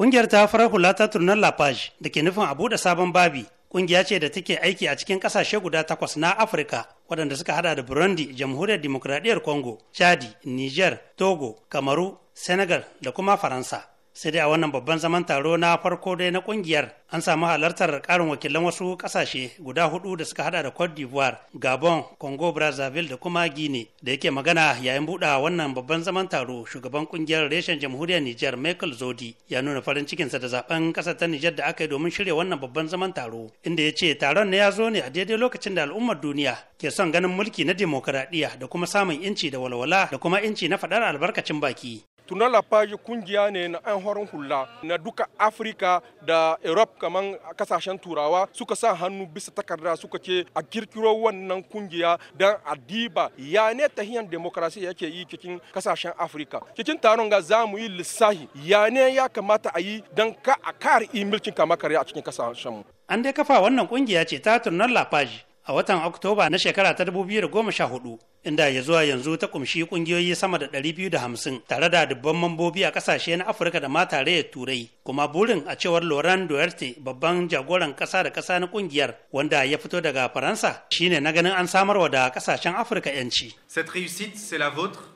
Ƙungiyar ta fara hula ta turnar page da ke nufin a buɗe sabon babi. Ƙungiya ce da take aiki a cikin ƙasashe guda takwas na Afirka waɗanda suka hada da Burundi, Jamhuriyar Dimokuraɗiyyar Congo, Chadi, Niger, Togo, Kamaru, Senegal da kuma Faransa. sai dai a wannan babban zaman taro na farko dai na kungiyar an samu halartar karin wakilan wasu kasashe guda hudu da suka hada da cote d'ivoire gabon congo brazzaville da kuma guinea da yake magana yayin buɗa wannan babban zaman taro shugaban kungiyar reshen jamhuriyar niger michael zodi ya nuna farin cikinsa da zaben ƙasar ta niger da aka yi domin shirya wannan babban zaman taro inda ya ce taron ne ya zo ne a daidai lokacin da al'ummar duniya ke son ganin mulki na demokaradiyya da kuma samun inci da walwala da kuma inci na faɗar albarkacin baki tuna page kungiya ne na 'yan horon hula na duka Afrika da europe kaman kasashen turawa suka sa hannu bisa takarda suka ce a kirkiro wannan kungiya dan a diba ya ne tahiyan demokrasiya yake yi cikin kasashen afirika cikin taron ga zamuyi yi lissahi ya ya kamata a yi dan ka a kare imilcin kama karya a cikin kasashen mu an dai kafa wannan kungiya ce ta la lafaji a watan Oktoba na shekara ta 2014 inda ya zuwa yanzu ta kumshi kungiyoyi sama da 250 tare da dubban mambobi a kasashe na Afirka da ma tarayyar Turai. Kuma burin a cewar Laurent Duarte babban jagoran kasa da kasa na kungiyar wanda ya fito daga Faransa shine na ganin an samarwa da kasashen Afirka 'yanci. Cette réussite c'est la vôtre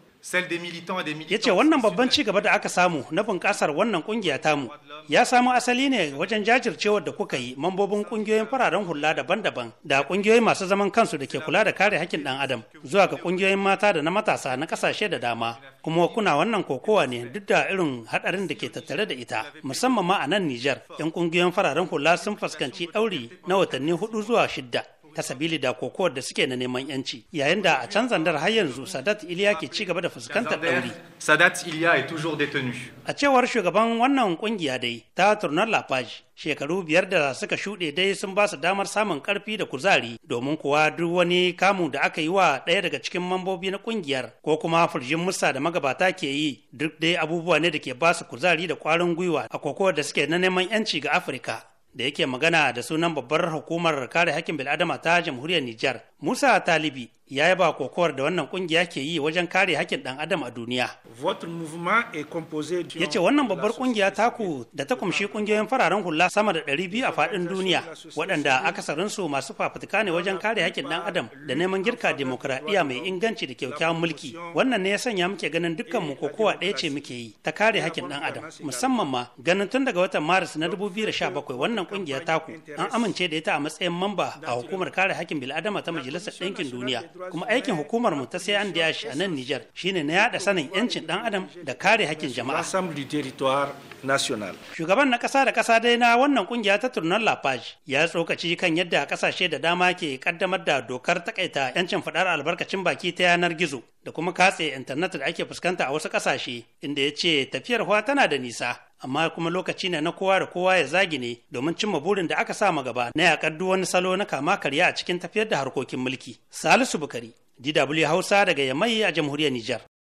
ya ce wannan babban ci gaba da aka samu na bunƙasar wannan ƙungiya tamu ya samo asali ne wajen jajircewar da kuka yi mambobin ƙungiyoyin fararen hula daban-daban da ƙungiyoyi masu zaman kansu da ke kula da kare hakkin ɗan adam zuwa ga ƙungiyoyin mata da na matasa na ƙasashe da dama kuma kuna wannan kokowa ne duk da irin haɗarin da ke tattare da ita musamman ma a nan Nijar 'yan ƙungiyoyin fararen hula sun fuskanci ɗauri na watanni hudu zuwa shidda ta sabili da kokowar da suke na neman yanci yayin da a can zandar har yanzu sadat iliya ke ci gaba da fuskantar dauri sadat iliya est toujours détenu a cewar shugaban wannan kungiya dai ta turnar lafaji shekaru biyar da suka shuɗe dai sun ba su damar samun karfi da kuzari domin kuwa duk wani kamu da aka yi wa ɗaya daga cikin mambobi na kungiyar ko kuma furjin musa da magabata ke yi duk dai abubuwa ne da ke ba su kuzari da kwarin gwiwa a kokowar da suke na neman 'yanci ga afirka da yake magana da sunan babbar hukumar kare hakkin bil'adama ta jamhuriyar Nijar, Musa Talibi ya yaba kokowar da wannan kungiya ke yi wajen kare hakkin dan adam a duniya. Ya ce wannan babbar kungiya taku da ta kumshi kungiyoyin fararen hula sama da 200 a faɗin duniya waɗanda akasarinsu masu fafutuka ne wajen kare hakkin ɗan adam da neman girka demokuraɗiyya mai inganci da kyakkyawan mulki. Wannan ne ya sanya muke ganin dukkanmu kokowa ɗaya ce muke yi ta kare hakkin dan adam musamman ma ganin tun daga watan Maris na 2017 wannan kungiya taku an amince da ita a matsayin mamba a hukumar kare hakkin bil'adama ta Majalisar Ɗinkin Duniya. kuma aikin hukumar mu ta shi a nan Nijar shine na yada sanin yancin dan adam da kare hakkin jama'a. national Shugaban na kasa da kasa dai na wannan kungiya ta turnar page ya tsokaci kan yadda kasashe da dama ke kaddamar da dokar takaita yancin fadar albarkacin baki ta yanar gizo da kuma katse intanet da ake fuskanta a wasu kasashe inda ya ce tafiyar tana da nisa. amma kuma lokaci ne na kowa da kowa ya zagi ne domin cimma burin da aka sa ma gaba na yakar duk wani salo na kama karya a cikin tafiyar da harkokin mulki. Salisu Bukari, DW Hausa daga Yamai a jamhuriyar Nijar.